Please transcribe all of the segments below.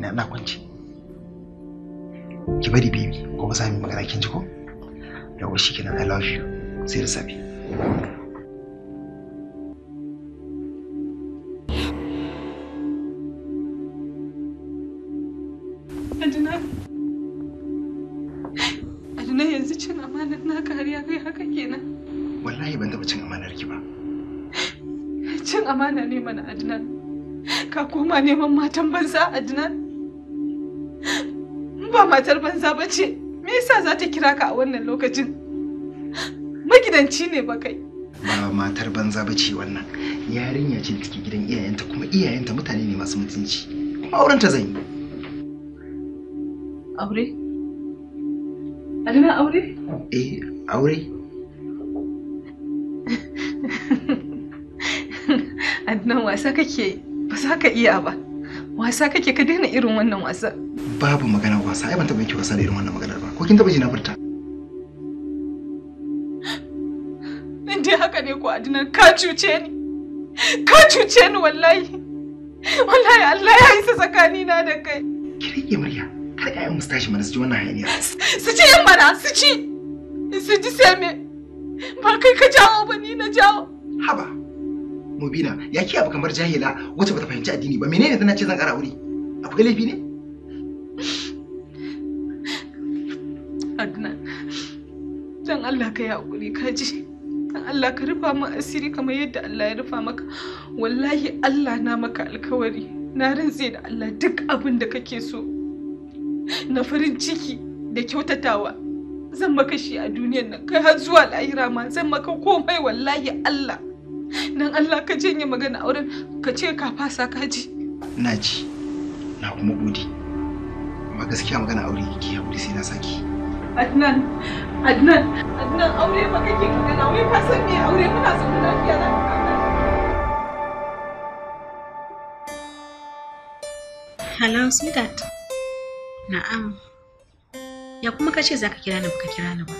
kaina ina kwance ki bari ko ba za mu magana kin ji ko yawa shi kenan i love you sai da safe yanzu cin amana ne mana Adnan. Ka koma neman matan banza Adnan. matar banza ba ce me yasa za ta kira ka a wannan lokacin magidanci ne ba kai ba matar banza ba ce wannan yarinya ce take gidan iyayenta kuma iyayenta mutane ne masu mutunci kuma auren ta zan yi aure Adana aure? Eh, aure. adana wasa kake ba za ka iya ba. Wasa kake ka daina irin wannan wasa. Babu magana wasa, ai ban taba yake wasa da irin wannan maganar ba. Ko kin taba ji na furta? In dai haka ne ko adinar ka cuce ni. Ka cuce ni wallahi. Wallahi Allah ya tsakani na da kai. Ki rike murya. Kar ƴaƴan mu tashi mana su ji wannan hayaniya. Su ci yan bana su ci. Su ji sai me. Ba kai ka jawo ba ni na jawo. Haba. mubina ya ki abu kamar jahila wacce bata fahimci addini ba menene tana ce zan kara aure abu ga laifi ne Adnan dan Allah ka yi hakuri ka ji dan Allah ka rufa min asiri kamar yadda Allah ya rufa maka wallahi Allah na maka alkawari na rantse da Allah duk abin da kake so na farin ciki da kyautatawa zan maka shi a duniyar nan kai har zuwa lahira ma zan maka komai wallahi Allah nan Allah ka janye magana auren ka ce ka fasa ka ji na ji na kuma gode amma gaskiya magana aure ki haƙuri sai na saki Adnan Adnan Adnan aure ma kake magana wai ka san me aure muna son lafiya na Hello sweetheart Na'am Ya kuma kace ka kira ni baka kira ni ba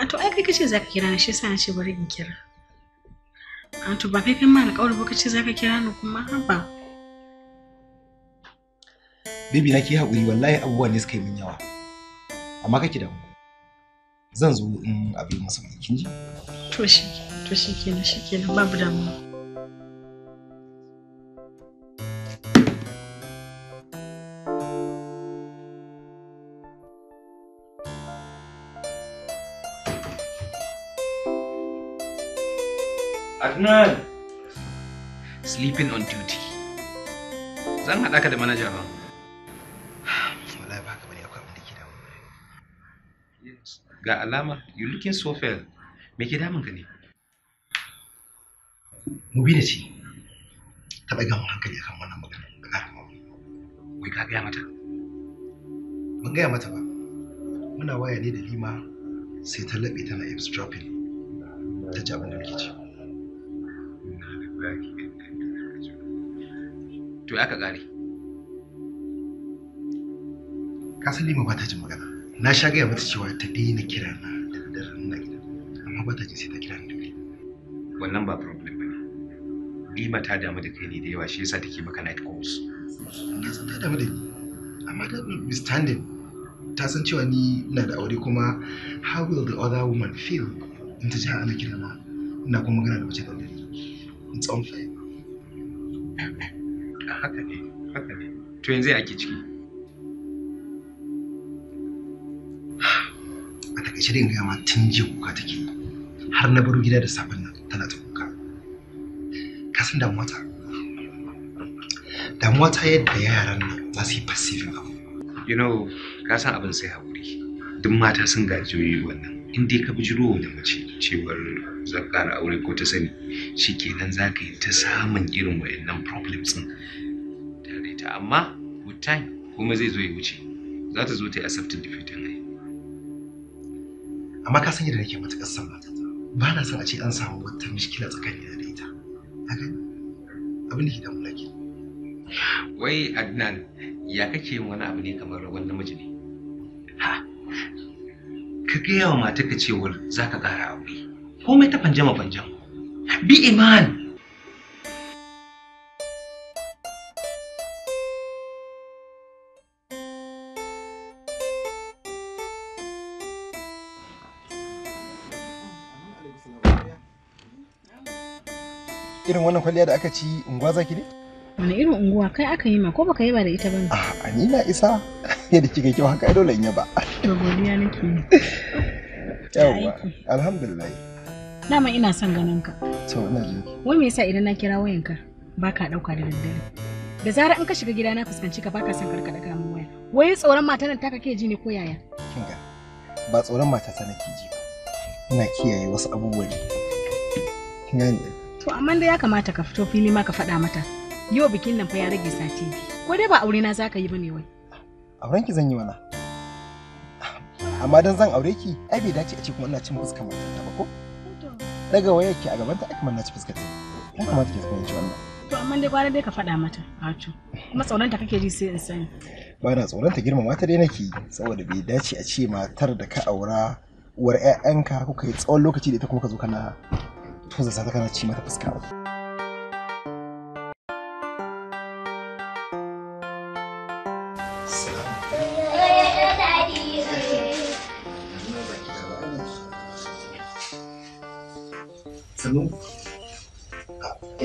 a to ai kai kace zaka kira ni shi yasa na ce bari in kira a to ba kai kai ma alƙawari ba kace zaka kira ni kuma haba Bibi na ki haƙuri wallahi abubuwa ne suka yi min yawa amma kake da mu zan zo in abin masa kin ji to shi to shi kenan shi kenan babu damuwa Adnan! Sleeping on duty. Zan haɗa ka da manaja ba. Wallahi ba ka bane akwai abin da ke damu. Ga alama, you looking so fair. Me ke damun ka ne? mu Mubina ce. Ta daga mun hankali akan wannan magana. Ka ƙara mu. Wai ka gaya mata? Ban gaya mata ba. Muna waya ne da Lima sai ta laɓe tana eavesdropping. Ta ji abin da to ya ka kare ka san lima ba ta jin magana na sha gaya mata cewa ta daina kira na da daren na gida amma ba ta ji sai ta kira ni dare wannan ba problem ba ne lima ta damu da kai ne da yawa shi yasa take maka night calls na san ta damu da ni amma ta understanding ta san cewa ni ina da aure kuma how will the other woman feel in ta ji ana kira na ina kuma magana da mace da dare mun tsamfe haka ne haka ne to yanzu ya ake ciki a takaice dai gaya ma tun jiya kuka take har na baro gida da safen nan tana ta kuka ka san damuwa ta damuwa ta yadda yaran nan za su yi passive abu you know ka san abin sai haƙuri duk mata sun gaji wannan in dai ka bijiro da mace cewar za ka ƙara aure ko ta sani shikenan za ka yi ta samun irin wayannan problems ɗin tare ta amma with time kuma zai zo ya wuce za ta zo ta yi accepting defeat din ai amma ka san yadda nake matuƙar son mata ba na son a ce an samu wata mishkila tsakanin da ita gani, abin da ke damu ke. wai Adnan ya kake wani abu ne kamar wani namiji ne ka gaya wa matarka cewar za ka ƙara aure komai ta fanjama fanjen. bi iman irin wannan kwalliya da aka ci unguwa zaki ne? wani irin unguwa kai aka yi ma ko baka yi ba da ita ba ne a ah, ni na isa yadda kika kyau haka ai dole in yaba to godiya nake yawwa alhamdulillah dama ina son ganin ka to ina ji wai me yasa idan na kira wayanka baka dauka da daddare da zarar an ka shiga gida na fuskanci ka baka son karkada ka mun waya wai tsoron mata nan taka ke ji ne ko yaya kinga ba tsoron mata ta nake ji ba ina kiyaye wasu abubuwa ne to amma da ya kamata ka fito fili ma ka faɗa mata yau bikin nan fa ya rage sati ko dai ba aure na zaka yi bane wai auren ki zan yi mana amma dan zan aure ki ai bai dace a ce kuma ina cin fuskar mata ta ba ko daga wayar ki a gaban ta aka manna ci fuskar ta ya kamata ki fahimci wannan to amma dai gwara dai ka faɗa mata hatu kuma ta kake ji sai in sani ba na ta girmama ta dai nake saboda bai dace a ce matar da ka aura uwar 'ya'yanka kuka yi tsawon lokaci da ita kuma ka zo kana tuzasa ta kana ci mata fuska ba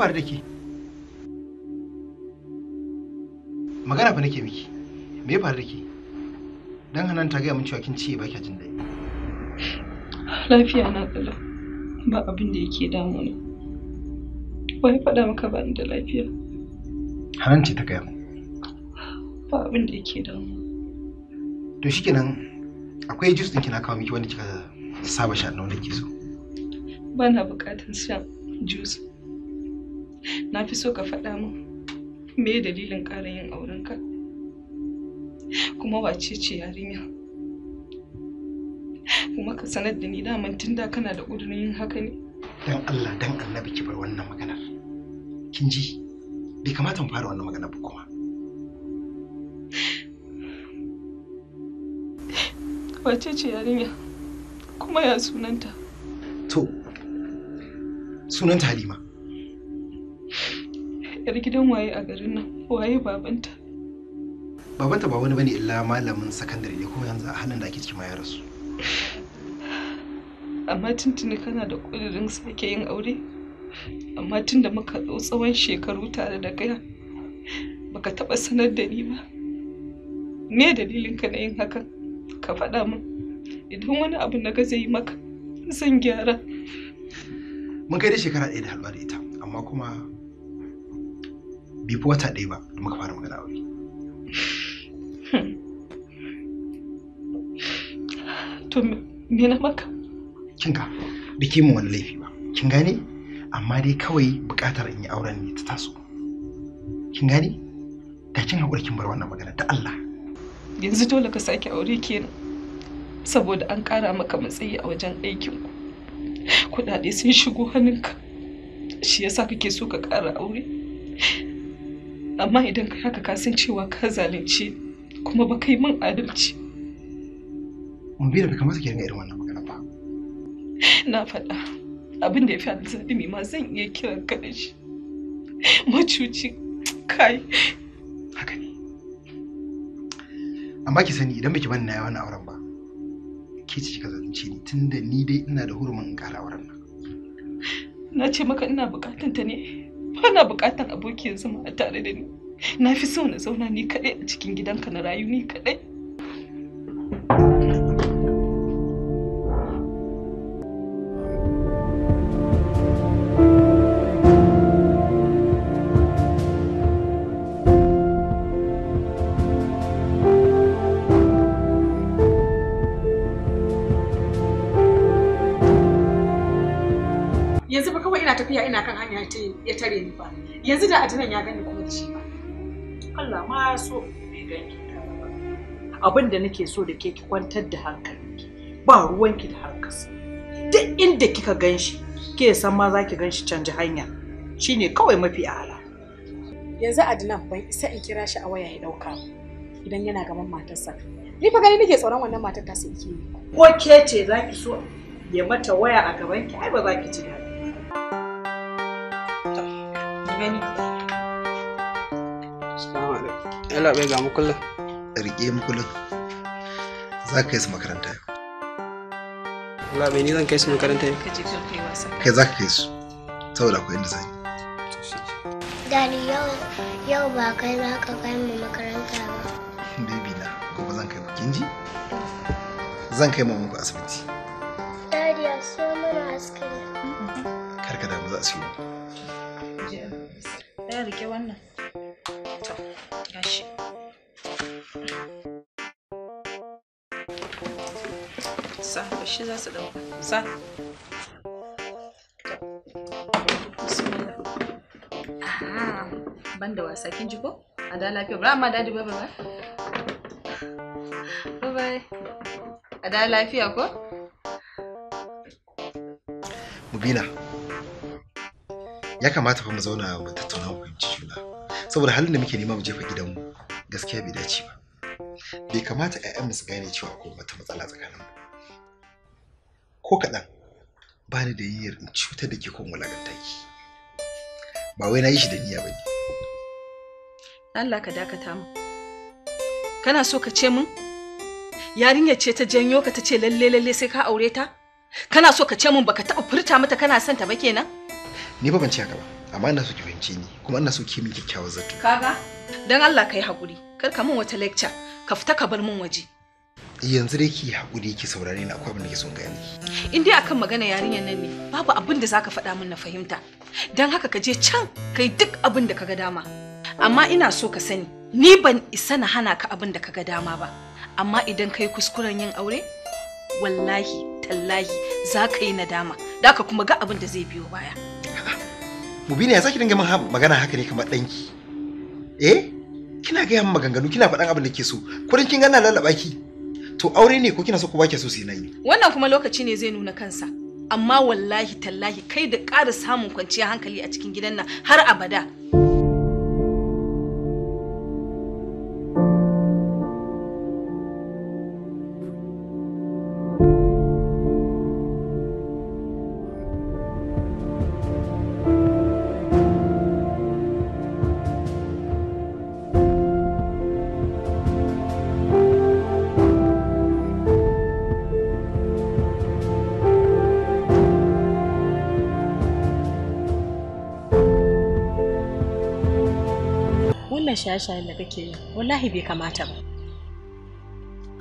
faru da ke magana fa nake miki me ya faru da ke dan hanan ta gaya min cewa kin ce ba kya jin daɗi lafiya na tsala ba abin da yake damuna wai faɗa maka ba ni da lafiya hanan ce ta gaya min ba abin da yake damuna to shikenan akwai juice ɗin kina kawo miki wanda kika saba sha na wanda ke so ba na buƙatar shan juice na fi so ka faɗa min me dalilin ƙara yin aurenka kuma wace ce yarinya kuma ka sanar da ni daman tun da kana da ƙudurin yin haka ne dan Allah dan annabi ki bar wannan maganar kin ji bai kamata mu fara wannan maganar ba kuma wace ce yarinya kuma ya sunanta to sunanta Halima yar gidan waye a garin nan waye babanta babanta ba wani bane illa malamin sakandare ne kuma yanzu a halin da ake ciki ma ya rasu amma tuntuni kana da kudirin sake yin aure amma tun da muka ɗau tsawon shekaru tare da kai baka taɓa sanar da ni ba me dalilinka na yin hakan ka faɗa min idan wani abu na ga zai maka zan gyara mun kai da shekara ɗaya da halwa da ita amma kuma bai fi wata ɗaya ba da muka fara magana aure to me na maka kin ga da ke mu wani laifi ba kin gane amma dai kawai buƙatar in yi auren ne ta taso kin gane da kin haƙura kin bar wannan magana da Allah yanzu dole ka sake aure kenan saboda an ƙara maka matsayi a wajen aikin ku kuɗaɗe sun shigo hannunka shi yasa kake so ka ƙara aure amma idan ka haka ka san cewa ka zalunce kuma ba kai min adalci Mumbira bai kamata ki ringa irin wannan magana ba na faɗa abin da ya fi mai ma zan iya kiran ka da shi macuci kai haka ne amma ki sani idan baki bani na yawan auren ba ke ci ka zalunci ni tunda ni dai ina da hurumin in ƙara auren nan na ce maka ina bukatan ta ne bana na buƙatar abokin zama a tare da ni na fi so na zauna ni kaɗai a cikin gidanka na rayu ni kaɗai ce ya tare ni ba yanzu da ya gani kuma da shi ba Allah ma so bai ganki abin da nake so da ke ki kwantar da hankalinki ba ruwanki da harkarsa duk inda kika ganshi, shi ke san ma zaki ki canji hanya shine kawai mafi ala yanzu adinan ban isa in kira shi a waya ya dauka idan yana gaban matarsa ni fa gani nake tsoron wannan matar ta sai ke ko ke ce za ki so ya mata waya a gaban ki ai ba za ki ji daɗi gani salamu ga mukullin rike mukullin za ka kai su makaranta yau Allah ni zan kai su makaranta yau kai za ka kai su saboda akwai inda zan Dani yau yau ba kai za ka kai mu makaranta ba. Baby na gobe zan kai mu kinji? Zan kai mu muku asibiti. wannan to gashi sa bashi za su dauka sa ban da wasa kin ji ko a da lafiya bra amma dadi bye bye bye bye a da lafiya ko mubina ya kamata fa mu zauna mu tattauna hukunci saboda halin da muke nema mu jefa gidanmu gaskiya bai dace ba bai kamata 'ya'yanmu su gane cewa akwai wata matsala tsakanin ko kaɗan ba ni da yiyar in cutar da ke kon wulakanta ba wai na yi shi da niyya ba ne Allah ka dakata mu kana so ka ce mun yarinyar ce ta janyo ka ta ce lalle lalle sai ka aure ta kana so ka ce mun baka taɓa furta mata kana son ta ba kenan ni ba ban ce haka ba amma ina so ki fahimce ni kuma ina so ke min kyakkyawar zato kaga dan Allah kai hakuri kar ka min wata lecture ka fita ka bar mun waje yanzu dai ki hakuri ki saurare ni akwai abin da ke son gani in dai akan magana yarinyar nan ne babu abin da zaka faɗa min na fahimta dan haka ka je can kai duk abin da kaga dama amma ina so ka sani ni ban isa na hana ka abin da kaga dama ba amma idan kai kuskuren yin aure wallahi tallahi za ka yi nadama da ka kuma ga abin da zai biyo baya mubina ya saki dinga min magana haka ne kamar danki eh kina gaya min maganganu kina faɗan abin da ke so kurin kin gana lalaba ki to aure ne ko kina so ku ba so sai nayi wannan kuma lokaci ne zai nuna kansa amma wallahi tallahi kai da ƙara samun kwanciyar hankali a cikin gidan nan har abada shaye-shayen da kake yi wallahi bai kamata ba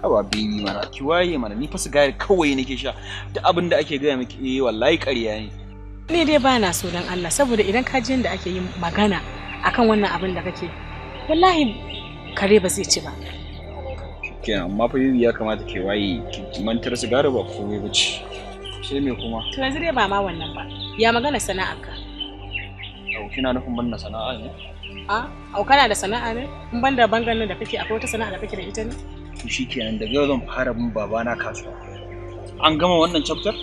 awa bini mana ki waye mana ni fa sigari kawai nake sha duk abin da ake gaya miki eh wallahi ƙarya ne ni dai ba na so dan Allah saboda idan ka ji yadda ake yin magana akan wannan abin da kake wallahi kare ba zai ci ba ke amma fa ya kamata ke waye ki mantar sigari ba komai ba ce sai me kuma to yanzu dai ba ma wannan ba ya magana sana'a ka? kina nufin banna sana'a ne A, au kana da sana'a ne? In ban da bangan nan da kake akwai wata sana'a da kake da ita ne? To shikenan daga yau zan fara bin babana kasuwa. An gama wannan chapter?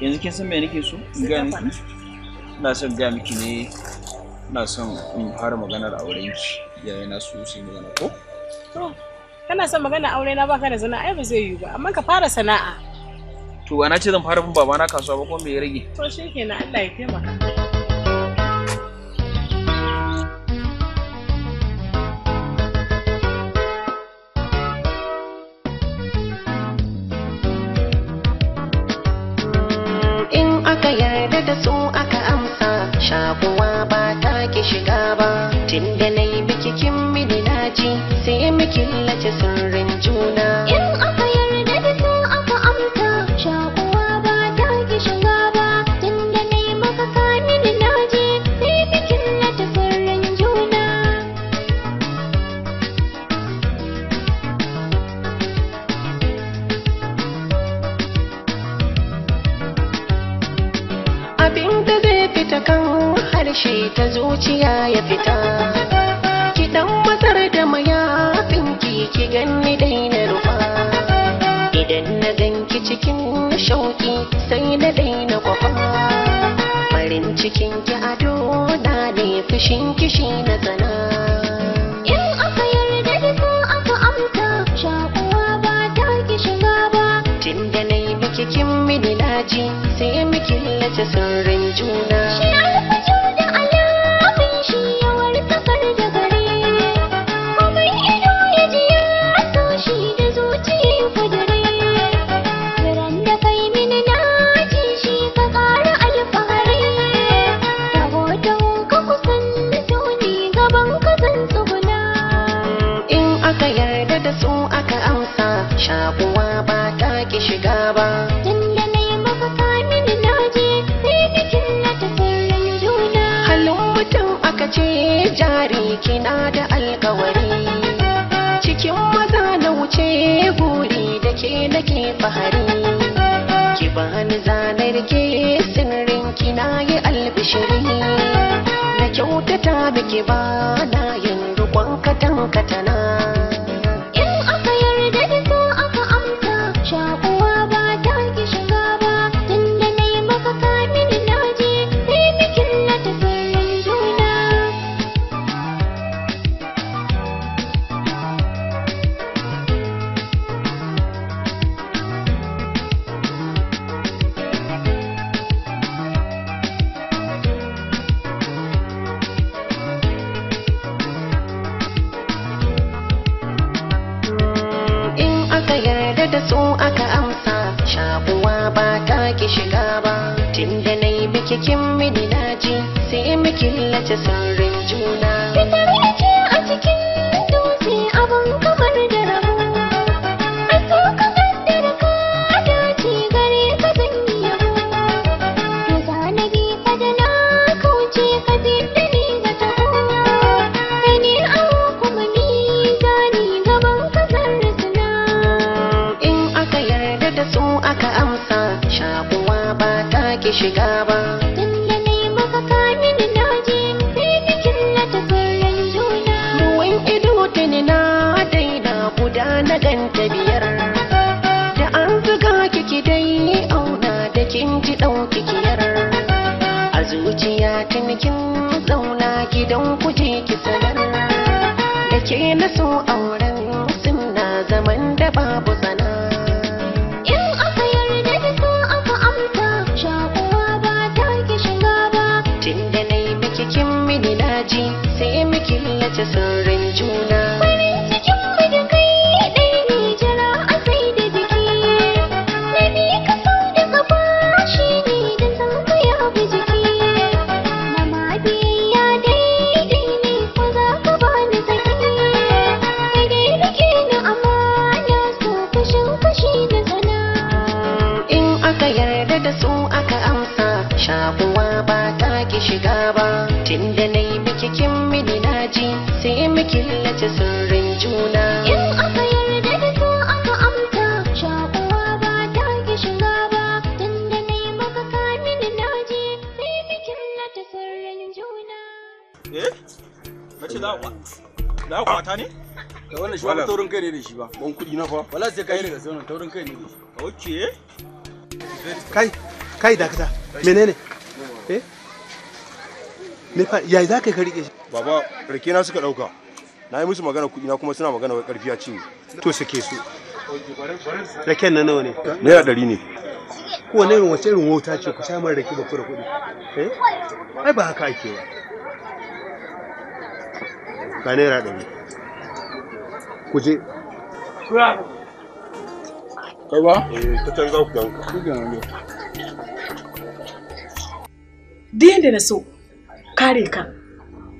Yanzu kin san me nake so? In ga miki. Ina son ga miki ne ina son in fara maganar aurenki. Yaya na so yi magana ko? To, kana son magana aure na baka da sana'a ai ba zai yiwu ba, amma ka fara sana'a. To, ana ce zan fara bin babana kasuwa ba ko me ya rage? To shikenan Allah ya taimaka. aka yarda da su aka amsa shakuwa ba ta ki shiga ba tun da na yi bikikin mini naji sai mu lace sirrin juna ki kin midi naji sai miki lace sarra zuciya tun kin zauna gidan kuje ki sanar da ke na so auren suna zaman da babu ci sirrin juna in aka yarda da ka aka amta shakuwa ba ta ki shiga ba tunda yi maka kamin na naji sai bikin na ta sirrin juna eh mace za ku za ku mata ne da wannan shi wani taurin kai ne da shi ba ban kuɗi na fa wala sai ka yi da zaunan taurin kai ne da shi Ok. kai kai dakata menene eh me fa yayi zaka ka rike shi baba rike na suka ɗauka. na yi musu magana kuɗi na kuma suna magana wai ƙarfi ya ci to suke su raken na nawa ne naira ɗari ne ko wani ne wace irin wauta ce ku samar rake ba kura kuɗi eh? ai ba haka ake ba ga naira ɗari ku je kai ba eh, ta canza ku danka duk yadda na so kare ka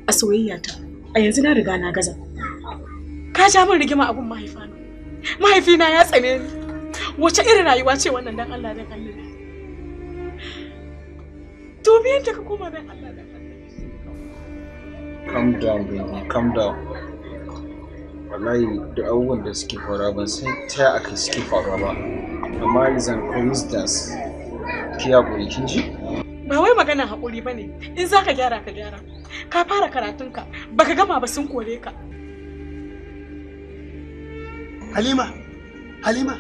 a soyayya ta a yanzu na riga na gaza ka ja min rigima abun mahaifana mahaifina ya tsane ni wace irin rayuwa ce wannan dan Allah dan Allah dubi yadda ka koma dan Allah dan Allah calm down baby calm down wallahi duk abubuwan da suke faruwa ban san ta akai suke faruwa ba amma is an coincidence kiya gori kin ji ba wai magana hakuri ba ne in za ka gyara ka gyara ka fara karatunka ba ka gama ba sun kore ka halima halima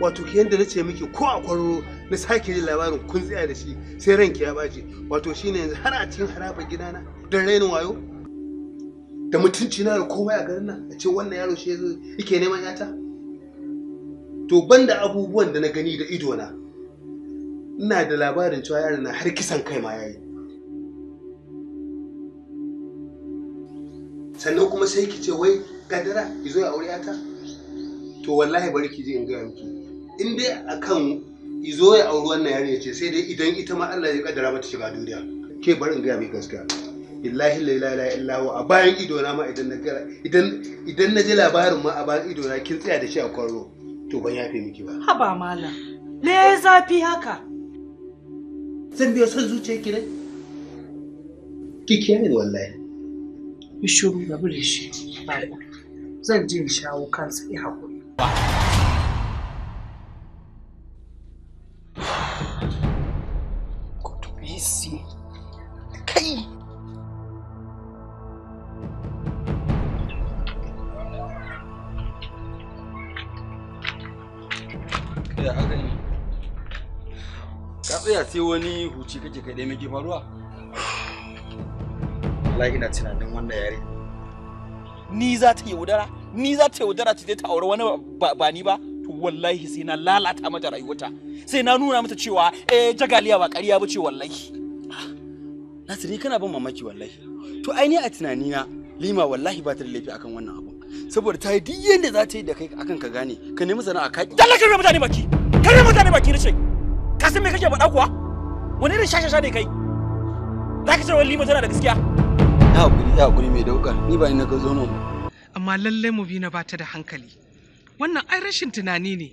wato ke yadda na ce miki ko a kwaro na sake yin labarin kun tsaya da shi sai ranki ya baje wato shine yanzu har a cikin harabar gidana don rainin wayo da mutunci na da komai a garin nan a ce wannan yaro shi yake neman yata to banda abubuwan da na gani da idona ina da labarin cewa yaron na har kisan kai ma yayi sannan kuma sai ki ce wai kadara izo ya aure ta to wallahi bari ki je in ga miki in dai akan izo ya auri wannan yarinya ce sai dai idan ita ma Allah ya kaddara mata shiga duniya ke bari in ga miki gaskiya billahi la ilaha illa allah a bayan ido na ma idan na idan idan na ji labarin ma a bayan ido na kin tsaya da shi a kwaro to ban yafe miki ba haba malam me zafi haka zan biyo son zuciya ki ne ki kiyaye da wallahi ki shi mu rabu zan je in shawo kansa i haƙuri bacci kake kai dai muke faruwa wallahi ina tunanin wannan yare ni za ta yi ni za ta yi ta je ta aure wani ba ni ba to wallahi sai na lalata mata rayuwarta sai na nuna mata cewa eh jagaliya ba ƙarya ba ce wallahi Nasiru kana ban mamaki wallahi to ai ni a tunanina lima wallahi ba ta da laifi akan wannan abu saboda ta yi duk yadda za ta yi da kai akan ka gane ka nemi sana'a ka dalla kan mutane baki kare mutane baki nace ka san me kake faɗa kuwa wani irin shashasha ne kai za ka ce wani lima tana da gaskiya ya hakuri ya hakuri mai dauka ni ba ni na ka zo nan amma lallai mu bi na ba ta da hankali wannan ai rashin tunani ne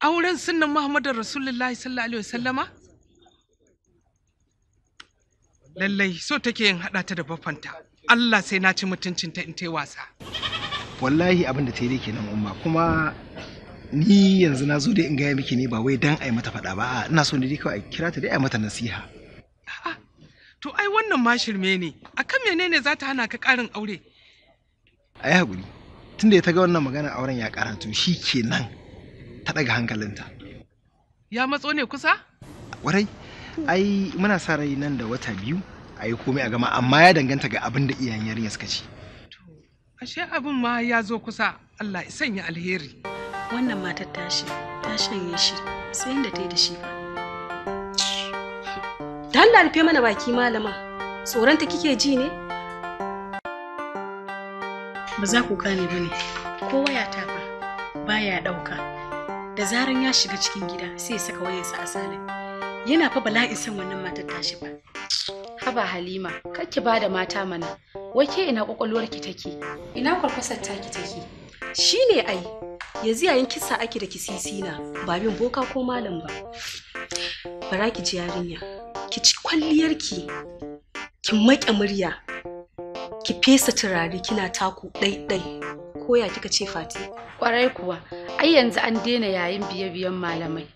auren sunnan muhammadu rasulullahi sallallahu alaihi wasallama lallai so take yin haɗa ta da bafanta allah sai na ci mutuncinta in ta wasa wallahi abin da ta yi kenan umma kuma ni yanzu na zo dai in gaya miki ne ba wai dan ai mata faɗa ba ina so ne dai kawai kira ta dai ai mata nasiha to ai wannan ma shirme ne kan menene za ta hana ka ƙarin aure ai hakuri tunda ta ga wannan magana auren ya karanto shi kenan ta daga hankalinta ya matso ne kusa warai ai muna sa rai nan da wata biyu ai komai a gama amma ya danganta ga abin da iyayen yarinya suka ce ashe abin ma ya zo kusa Allah ya sanya alheri wannan matar tashi ta shanye shi sai inda ta yi da shi fa ta Allah rufe mana baki malama tsoronta kike ji ne ba za ku gane ba ne ko waya ta fa baya ɗauka da zaran ya shiga cikin gida sai ya saka wayarsa a salin yana fa bala'in san wannan matar tashi ba haba halima ki ba da mata mana wake ina kwakwalwarki take ina kwarkwasar taki take shine ai yanzu yayin kisa ake da kisisina ba bin boka ko malam ba bara ki ji yarinya ki ci kwalliyarki ki maƙe murya ki fesa turare kina taku ɗaiɗai koya kika ce fati kwarai kuwa ai yanzu an daina yayin biye-biyen malamai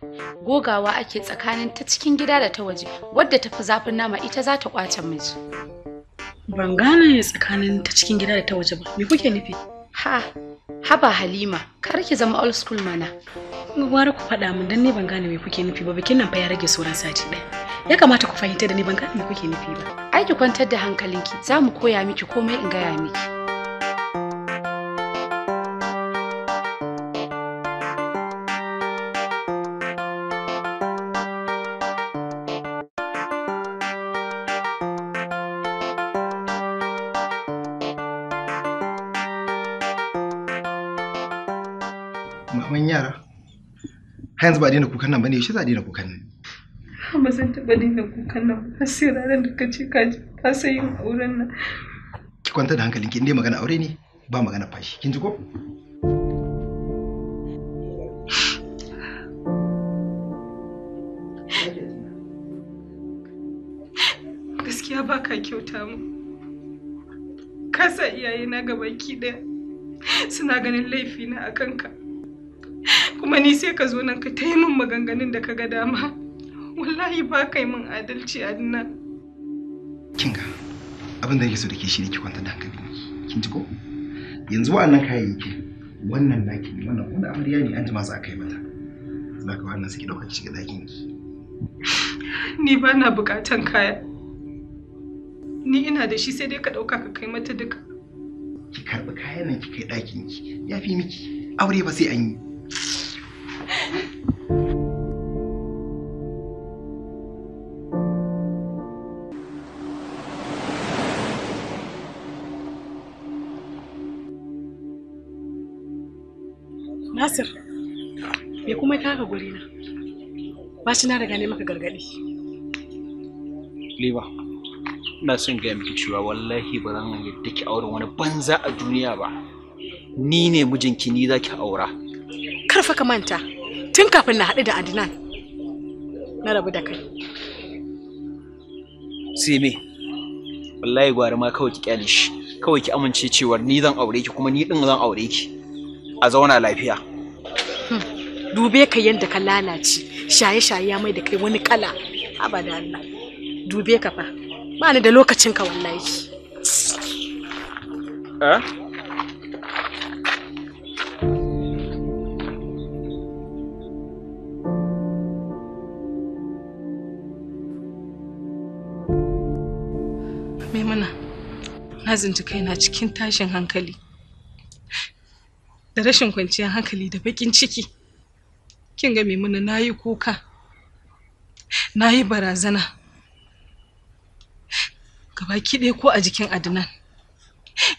gogawa ake tsakanin ta cikin gida da ta waje wadda ta fi zafin nama ita za ta kwace miji ban gane tsakanin ta cikin gida da ta waje ba me kuke nufi ha haba halima kar ki zama old school mana gwara ku faɗa min dan ne ban gane me kuke nufi ba bikin nan fa ya rage sauran sati ɗaya ya kamata ku fahimta da ni ban gane me kuke nufi ba ai ki kwantar da hankalinki za mu koya miki komai in gaya miki kaman yara har yanzu ba daina kukan nan ba ne yaushe za a daina kukan nan ba zan taba daina kukan nan ba sai ranar da ka ce ka ka sai yin auren nan ki kwanta da hankalinki inda magana aure ne ba magana fashi kin ji ko gaskiya ba ka kyauta mu kasa iyaye na gabaki ɗaya suna ganin laifina a kanka Wani ni sai ka zo nan ka ta yi min maganganun da ka ga dama wallahi ba kai min adalci a nan kinga abin da yake so da ke shi ne ki kwanta da hankali kin ji ko yanzu wa'annan kayayyakin wannan dakin, ne wannan kuma amarya ne an jima masu aka yi mata za ka wannan suke ɗaukar shiga ɗakin ki ni ba na bukatan kaya ni ina da shi sai dai ka ɗauka ka kai mata duka ki karɓi kayan nan ki kai ɗakin ki ya fi miki aure ba sai an yi ka na shi na riga ne maka gargaɗi liba ina son gaya miki cewa wallahi ba zan yadda ki auren wani banza a duniya ba ni ne mijinki ni za ki aura karfa ka manta tun kafin na haɗu da Adnan, na rabu da kai sai me wallahi gwari ma kawai ki kyale kawai ki amince cewa ni zan aure ki kuma ni din zan aure ki a zauna lafiya dube ka yadda ka lalace shaye-shaye ya mai da kai wani kala abada da Allah dube ka fa ba ni da lokacin ka wallahi eh Maimuna, na zinci kaina cikin tashin hankali da rashin kwanciyar hankali da baƙin ciki. kin ga maimuna na yi kuka na yi barazana gabaki ɗaya ko a jikin adnan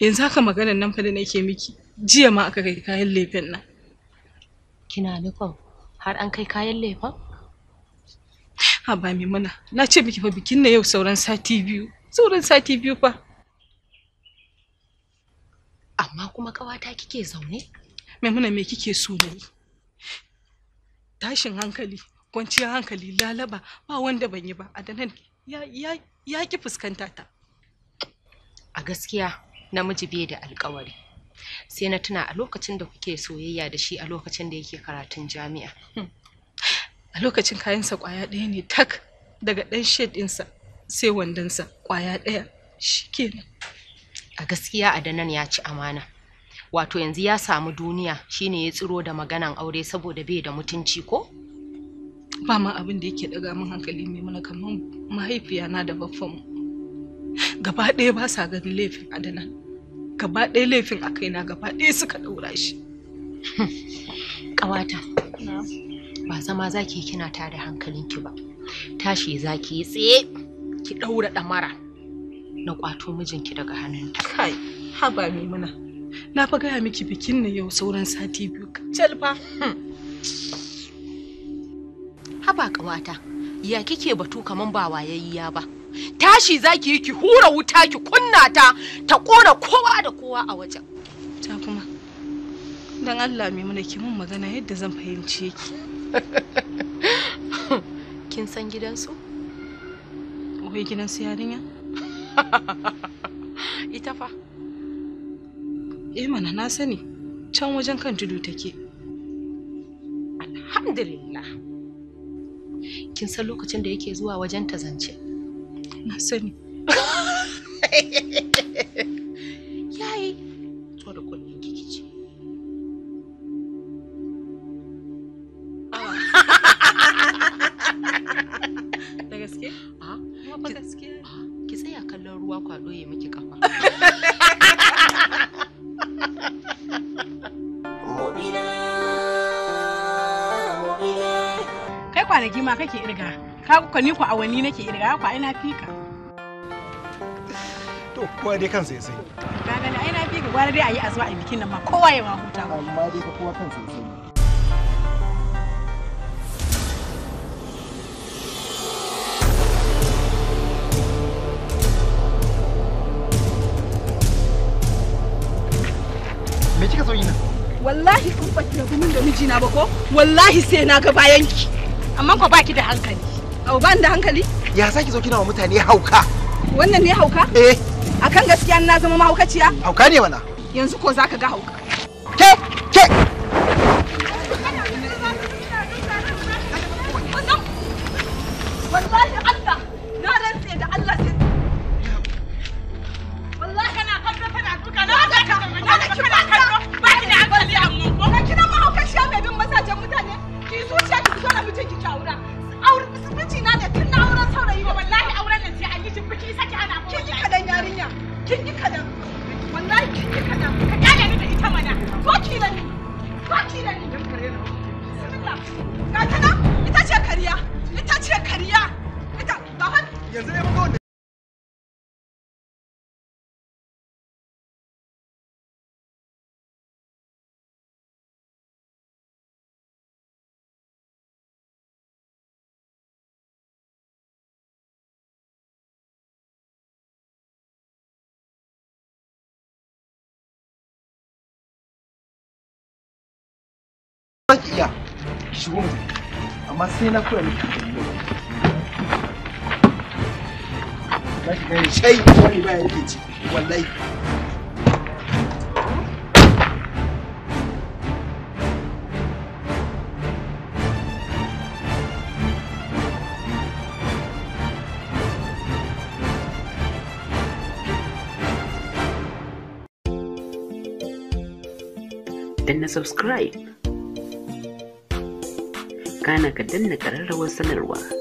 yanzu haka maganar nan fa da nake miki jiya ma aka kai kayan lefen nan kina nufin har an kai kayan lefen ha ba maimuna na ce miki fa bikin na yau sauran sati biyu sauran sati biyu fa amma kuma kawata kike zaune maimuna me kike so ne tashin hankali kwanciyar hankali lalaba ba wanda ban yi ba adanan ya ki fuskanta ta a gaskiya namiji bai da alkawari sai na tuna a lokacin da kuke soyayya da shi a lokacin da yake karatun jami'a hmm. a lokacin kayansa kwaya ɗaya ne tak daga ɗan shed ɗinsa sai wandonsa kwaya ɗaya nan. a gaskiya adanan ya ci amana wato yanzu ya samu duniya shine ya tsiro da maganan aure saboda bai da mutunci ko ba ma abin da yake daga min hankali mai mana kamar mahaifiya na da baffan gaba ɗaya ba sa ganin laifin adana. gaba ɗaya laifin a kaina gaba ɗaya suka ɗaura shi ƙawata ba zama zaki kina da hankalinki ba tashi zaki yi tsaye ki ɗaura ɗamara na ƙwato mijinki daga hannunta kai haba mai mana na fa gaya miki bikin na yau sauran sati biyu kacal fa hmm. haba kawata ya kike batu kaman ba wayayya ba tashi zaki yi ki hura wuta ki kunna ta ta kora kowa da kowa a wajen ta kuma dan Allah mai mana ki mun magana yadda zan fahimce ki kin san gidansu wai gidansu yarinya ita fa eh mana na sani can wajen kan tudu take alhamdulillah kin san lokacin da yake zuwa wajen ta zance na sani ni ku awanni nake irga ku ai na fika to kowa dai kansa ya sai ga ga ai na fika gwara dai ayi a zuwa a bikin nan ma kowa ya ma huta amma dai ka kowa kansa ya sani me kika so yi nan wallahi kun ba gumin da mijina ba ko wallahi sai na ga bayanki amma ko baki da hankali Au ban da hankali? Ya saki zo kina wa mutane hauka. Wannan ne hauka? Eh. Akan gaskiya na zama mahaukaciya? Hauka ne mana. Yanzu ko zaka ga hauka. yanzu ne mun iya shigo amma na kula shai wani ba yake ci wallahi danna subscribe kana ka danna ƙararrawar sanarwa